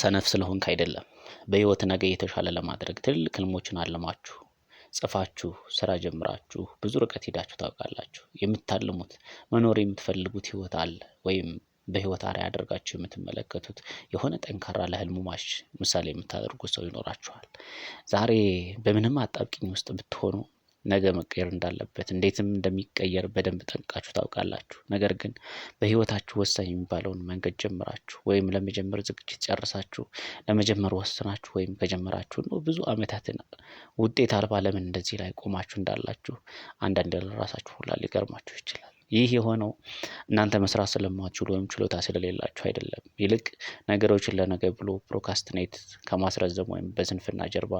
ሰነፍ ስለሆንክ አይደለም። በህይወት ነገ የተሻለ ለማድረግ ትልልቅ ህልሞችን አልማችሁ ጽፋችሁ ስራ ጀምራችሁ ብዙ ርቀት ሄዳችሁ ታውቃላችሁ። የምታልሙት መኖር የምትፈልጉት ህይወት አለ ወይም በህይወት አሪ አድርጋችሁ የምትመለከቱት የሆነ ጠንካራ ለህልሙ ማሽ ምሳሌ የምታደርጉ ሰው ይኖራችኋል። ዛሬ በምንም አጣብቂኝ ውስጥ ብትሆኑ ነገ መቀየር እንዳለበት እንዴትም እንደሚቀየር በደንብ ጠንቃችሁ ታውቃላችሁ። ነገር ግን በህይወታችሁ ወሳኝ የሚባለውን መንገድ ጀምራችሁ ወይም ለመጀመር ዝግጅት ጨርሳችሁ ለመጀመር ወስናችሁ ወይም ከጀመራችሁ ነው ብዙ ዓመታትን ውጤት አልባ ለምን እንደዚህ ላይ ቆማችሁ እንዳላችሁ አንዳንድ ለራሳችሁ ሁላ ሊገርማችሁ ይችላል። ይህ የሆነው እናንተ መስራት ስለማትችሉ ወይም ችሎታ ስለሌላችሁ አይደለም። ይልቅ ነገሮችን ለነገ ብሎ ፕሮካስትኔት ከማስረዘም ወይም በስንፍና ጀርባ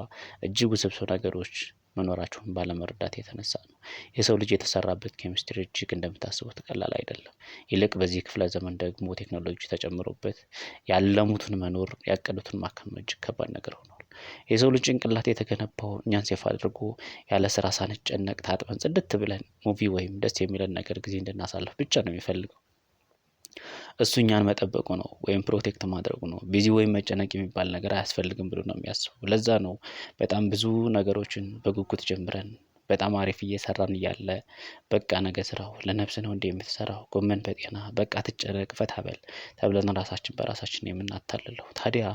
እጅግ ውስብስብ ነገሮች መኖራቸውን ባለመረዳት የተነሳ ነው። የሰው ልጅ የተሰራበት ኬሚስትሪ እጅግ እንደምታስቡት ቀላል አይደለም። ይልቅ በዚህ ክፍለ ዘመን ደግሞ ቴክኖሎጂ ተጨምሮበት ያለሙትን መኖር ያቀዱትን ማከም እጅግ ከባድ ነገር ሆኗል። የሰው ልጅ ጭንቅላት የተገነባው እኛን ሴፍ አድርጎ ያለ ስራ ሳንጨነቅ ታጥበን ጽድት ብለን ሙቪ ወይም ደስ የሚለን ነገር ጊዜ እንድናሳልፍ ብቻ ነው የሚፈልገው። እሱ እኛን መጠበቁ ነው ወይም ፕሮቴክት ማድረጉ ነው። ቢዚ ወይም መጨነቅ የሚባል ነገር አያስፈልግም ብሎ ነው የሚያስበው። ለዛ ነው በጣም ብዙ ነገሮችን በጉጉት ጀምረን በጣም አሪፍ እየሰራን እያለ በቃ ነገ ስራው ለነፍስ ነው እንዴ የምትሰራው ጎመን በጤና በቃ ትጨረቅ ፈታ በል ተብለን ራሳችን በራሳችን የምናታልለው። ታዲያ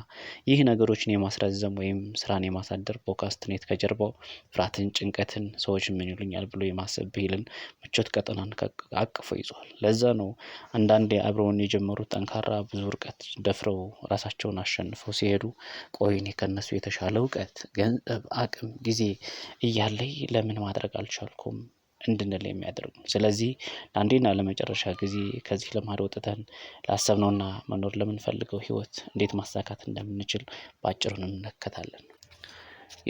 ይህ ነገሮችን የማስረዘም ወይም ስራን የማሳደር ፖድካስትኔት ከጀርባው ፍርሃትን፣ ጭንቀትን፣ ሰዎች ምን ይሉኛል ብሎ የማሰብ ብሂልን ምቾት ቀጠናን አቅፎ ይዟል። ለዛ ነው አንዳንዴ አብረውን የጀመሩት ጠንካራ ብዙ እርቀት ደፍረው ራሳቸውን አሸንፈው ሲሄዱ ቆይኔ ከነሱ የተሻለ እውቀት፣ ገንዘብ፣ አቅም፣ ጊዜ እያለይ ለምን ማድረግ አልቻልኩም እንድንል የሚያደርጉ። ስለዚህ ለአንዴና ለመጨረሻ ጊዜ ከዚህ ልማድ ወጥተን ላሰብነውና መኖር ለምንፈልገው ህይወት እንዴት ማሳካት እንደምንችል በአጭሩ እንመለከታለን።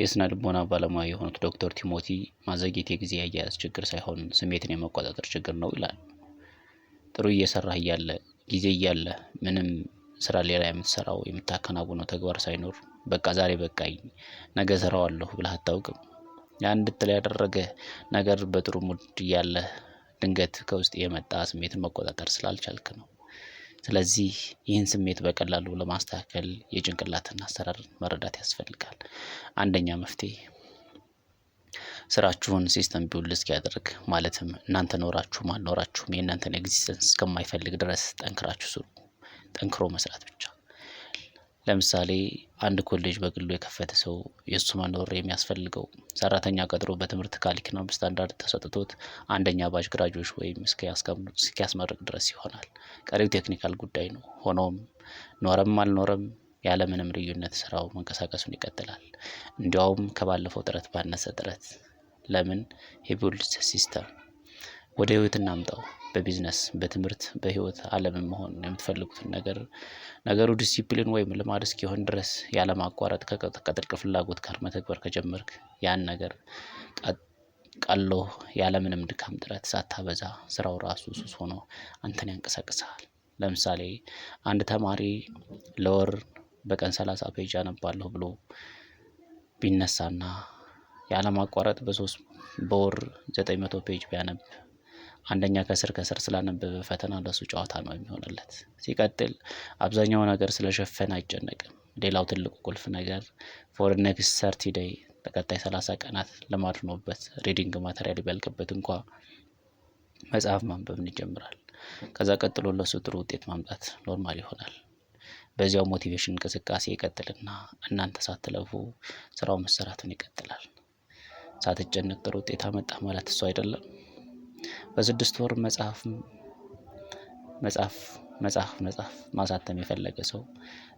የስነ ልቦና ባለሙያ የሆኑት ዶክተር ቲሞቲ ማዘግየት የጊዜ አያያዝ ችግር ሳይሆን ስሜትን የመቆጣጠር ችግር ነው ይላል። ጥሩ እየሰራህ እያለ ጊዜ እያለ ምንም ስራ ሌላ የምትሰራው የምታከናውነው ተግባር ሳይኖር በቃ ዛሬ በቃኝ ነገ ሰራዋለሁ ብለህ አታውቅም። ያን እንድትል ነገር በጥሩ ሙድ ያለ ድንገት ከውስጥ የመጣ ስሜትን መቆጣጠር ስላልቻልክ ነው። ስለዚህ ይህን ስሜት በቀላሉ ለማስተካከል የጭንቅላትን አሰራር መረዳት ያስፈልጋል። አንደኛ መፍትሄ ስራችሁን ሲስተም ቢውል እስኪያደርግ ማለትም እናንተ ኖራችሁም አልኖራችሁም የእናንተን ኤግዚስተንስ እስከማይፈልግ ድረስ ጠንክራችሁ ስሩ። ጠንክሮ መስራት ብቻ ለምሳሌ አንድ ኮሌጅ በግሉ የከፈተ ሰው የእሱ መኖር የሚያስፈልገው ሰራተኛ ቀጥሮ በትምህርት ካሪኩለም ስታንዳርድ ተሰጥቶት አንደኛ ባች ግራጆች ወይም እስኪያስመርቅ ድረስ ይሆናል። ቀሪው ቴክኒካል ጉዳይ ነው። ሆኖም ኖረም አልኖረም ያለምንም ልዩነት ስራው መንቀሳቀሱን ይቀጥላል። እንዲያውም ከባለፈው ጥረት ባነሰ ጥረት። ለምን ሂቡልድ ሲስተም ወደ ህይወት እናምጣው በቢዝነስ በትምህርት በህይወት አለምን መሆን የምትፈልጉትን ነገር ነገሩ ዲሲፕሊን ወይም ልማድ እስኪሆን ድረስ ያለማቋረጥ ከጥልቅ ፍላጎት ጋር መተግበር ከጀመርክ ያን ነገር ቀሎ ያለምንም ድካም ጥረት ሳታበዛ ስራው ራሱ ሱስ ሆኖ አንተን ያንቀሳቅስሃል። ለምሳሌ አንድ ተማሪ ለወር በቀን ሰላሳ ፔጅ አነባለሁ ብሎ ቢነሳና ያለማቋረጥ በሶስት በወር ዘጠኝ መቶ ፔጅ ቢያነብ አንደኛ ከስር ከስር ስላነበበ ፈተና ለሱ ጨዋታ ነው የሚሆንለት። ሲቀጥል አብዛኛው ነገር ስለሸፈን አይጨነቅም። ሌላው ትልቁ ቁልፍ ነገር ፎር ኔክስት ሰርቲ ደይ በቀጣይ ሰላሳ ቀናት ለማድኖበት ሪዲንግ ማተሪያል ቢያልቅበት እንኳ መጽሐፍ ማንበብን ይጀምራል። ከዛ ቀጥሎ ለሱ ጥሩ ውጤት ማምጣት ኖርማል ይሆናል። በዚያው ሞቲቬሽን እንቅስቃሴ ይቀጥልና እናንተ ሳትለፉ ስራው መሰራቱን ይቀጥላል። ሳትጨነቅ ጥሩ ውጤት አመጣ ማለት እሱ አይደለም። በስድስት ወር መጽሐፍ መጽሐፍ መጽሐፍ መጽሐፍ ማሳተም የፈለገ ሰው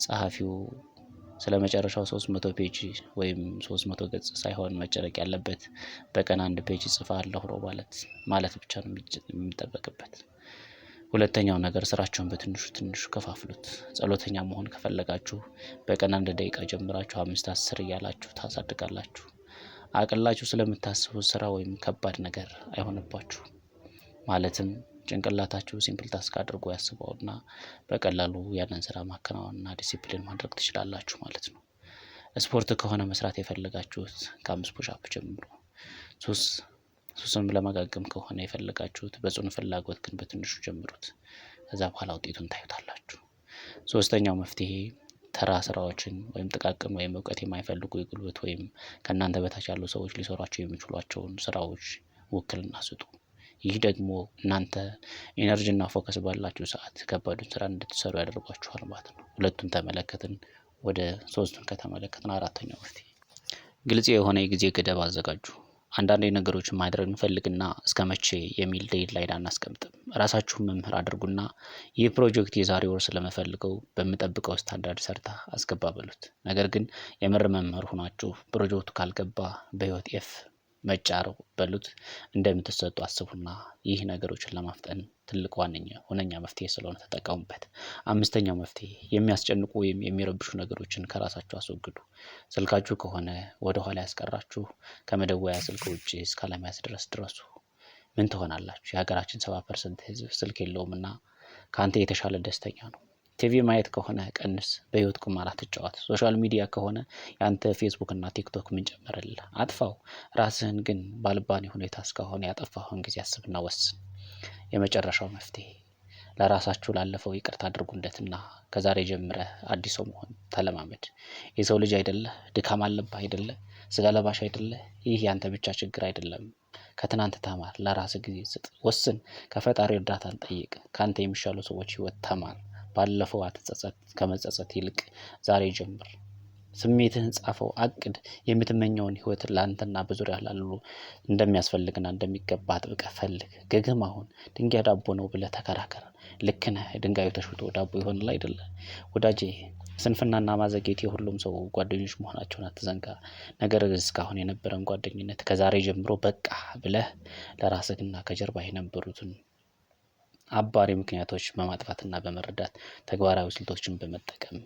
ጸሐፊው ስለ መጨረሻው ሶስት መቶ ፔጅ ወይም ሶስት መቶ ገጽ ሳይሆን መጨረቅ ያለበት በቀን አንድ ፔጅ እጽፋለሁ ነው ማለት ማለት ብቻ ነው የሚጠበቅበት። ሁለተኛው ነገር ስራቸውን በትንሹ ትንሹ ከፋፍሉት። ጸሎተኛ መሆን ከፈለጋችሁ በቀን አንድ ደቂቃ ጀምራችሁ አምስት አስር እያላችሁ ታሳድጋላችሁ። አቅላችሁ ስለምታስቡት ስራ ወይም ከባድ ነገር አይሆንባችሁ። ማለትም ጭንቅላታችሁ ሲምፕል ታስክ አድርጎ ያስበውና በቀላሉ ያንን ስራ ማከናወንና ዲሲፕሊን ማድረግ ትችላላችሁ ማለት ነው። ስፖርት ከሆነ መስራት የፈለጋችሁት ከአምስት ፑሻፕ ጀምሮ። ሱስ ሱስም ለማገገም ከሆነ የፈለጋችሁት በጽኑ ፍላጎት ግን በትንሹ ጀምሩት። ከዛ በኋላ ውጤቱን ታዩታላችሁ። ሶስተኛው መፍትሄ ተራ ስራዎችን ወይም ጥቃቅን ወይም እውቀት የማይፈልጉ የጉልበት ወይም ከእናንተ በታች ያሉ ሰዎች ሊሰሯቸው የሚችሏቸውን ስራዎች ውክልና ስጡ። ይህ ደግሞ እናንተ ኤነርጂ እና ፎከስ ባላችሁ ሰዓት ከባዱን ስራ እንድትሰሩ ያደርጓችኋል ማለት ነው። ሁለቱን ተመለከትን ወደ ሶስቱን ከተመለከትን አራተኛው መፍትሄ ግልጽ የሆነ የጊዜ ገደብ አዘጋጁ። አንዳንዴ ነገሮችን ማድረግ እንፈልግና እስከ መቼ የሚል ዴድላይን አናስቀምጥም። ራሳችሁን መምህር አድርጉና ይህ ፕሮጀክት የዛሬ ወር ስለመፈልገው በምጠብቀው ስታንዳርድ ሰርታ አስገባ በሉት። ነገር ግን የምር መምህር ሆናችሁ ፕሮጀክቱ ካልገባ በህይወት ኤፍ መጫር በሉት እንደምትሰጡ አስቡና ይህ ነገሮችን ለማፍጠን ትልቅ ዋነኛ ሁነኛ መፍትሄ ስለሆነ ተጠቀሙበት። አምስተኛው መፍትሄ የሚያስጨንቁ ወይም የሚረብሹ ነገሮችን ከራሳችሁ አስወግዱ። ስልካችሁ ከሆነ ወደኋላ ያስቀራችሁ ከመደወያ ስልክ ውጭ እስከ ድረስ ድረሱ። ምን ትሆናላችሁ? የሀገራችን ሰባ ፐርሰንት ህዝብ ስልክ እና ከአንተ የተሻለ ደስተኛ ነው። ቲቪ ማየት ከሆነ ቀንስ፣ በህይወት ቁማራ ትጫወት ሶሻል ሚዲያ ከሆነ የአንተ ፌስቡክ እና ቲክቶክ ምን ጨመረልህ? አጥፋው። ራስህን ግን ባልባኔ ሁኔታ እስከሆነ ያጠፋኸውን ጊዜ አስብና ወስን። የመጨረሻው መፍትሄ ለራሳችሁ ላለፈው ይቅርታ አድርጉለትና ከዛሬ ጀምረህ አዲስ ሰው መሆን ተለማመድ። የሰው ልጅ አይደለ? ድካም አለብህ አይደለ? ስጋ ለባሽ አይደለ? ይህ ያንተ ብቻ ችግር አይደለም። ከትናንት ተማር። ለራስ ጊዜ ስጥ፣ ወስን። ከፈጣሪ እርዳታን ጠይቅ። ከአንተ የሚሻሉ ሰዎች ህይወት ተማር። ባለፈው አትጸጸት ከመጸጸት ይልቅ ዛሬ ጀምር። ስሜትህን ጻፈው፣ አቅድ። የምትመኘውን ህይወት ለአንተና በዙሪያ ላሉ እንደሚያስፈልግና እንደሚገባ አጥብቀህ ፈልግ። ግግም አሁን ድንጋይ ዳቦ ነው ብለ ተከራከር። ልክ ነህ። ድንጋዩ ተሽጦ ዳቦ ይሆንል አይደለ? ወዳጄ፣ ስንፍናና ማዘጌት የሁሉም ሰው ጓደኞች መሆናቸውን አትዘንጋ። ነገር እስካሁን የነበረን ጓደኝነት ከዛሬ ጀምሮ በቃ ብለህ ለራስህና ከጀርባ የነበሩትን አባሪ ምክንያቶች በማጥፋትና በመረዳት ተግባራዊ ስልቶችን በመጠቀም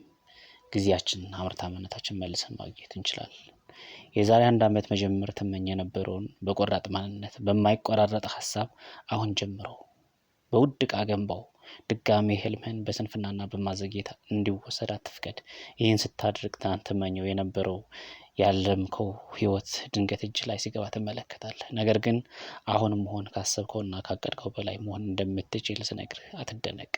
ጊዜያችን አምርታማነታችን መልሰን ማግኘት እንችላለን። የዛሬ አንድ አመት መጀመር ትመኝ የነበረውን በቆራጥ ማንነት በማይቆራረጥ ሀሳብ አሁን ጀምሮ በውድ ቃ ገንባው። ድጋሚ ህልምህን በስንፍናና በማዘግየት እንዲወሰድ አትፍቀድ። ይህን ስታደርግ ትናንት ትመኘው የነበረው ያለምከው ህይወት ድንገት እጅ ላይ ሲገባ ትመለከታለህ። ነገር ግን አሁን መሆን ካሰብከውና ካቀድከው በላይ መሆን እንደምትችል ስነግርህ አትደነቅ።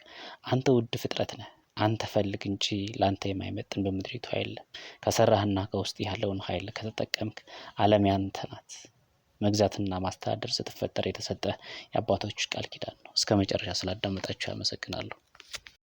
አንተ ውድ ፍጥረት ነህ አንተ ፈልግ እንጂ ላንተ የማይመጥን በምድሪቱ የለም። ከሰራህና ከውስጥ ያለውን ሀይል ከተጠቀምክ አለም ያንተ ናት። መግዛትና ማስተዳደር ስትፈጠር የተሰጠ የአባቶች ቃል ኪዳን ነው። እስከ መጨረሻ ስላዳመጣችሁ ያመሰግናለሁ።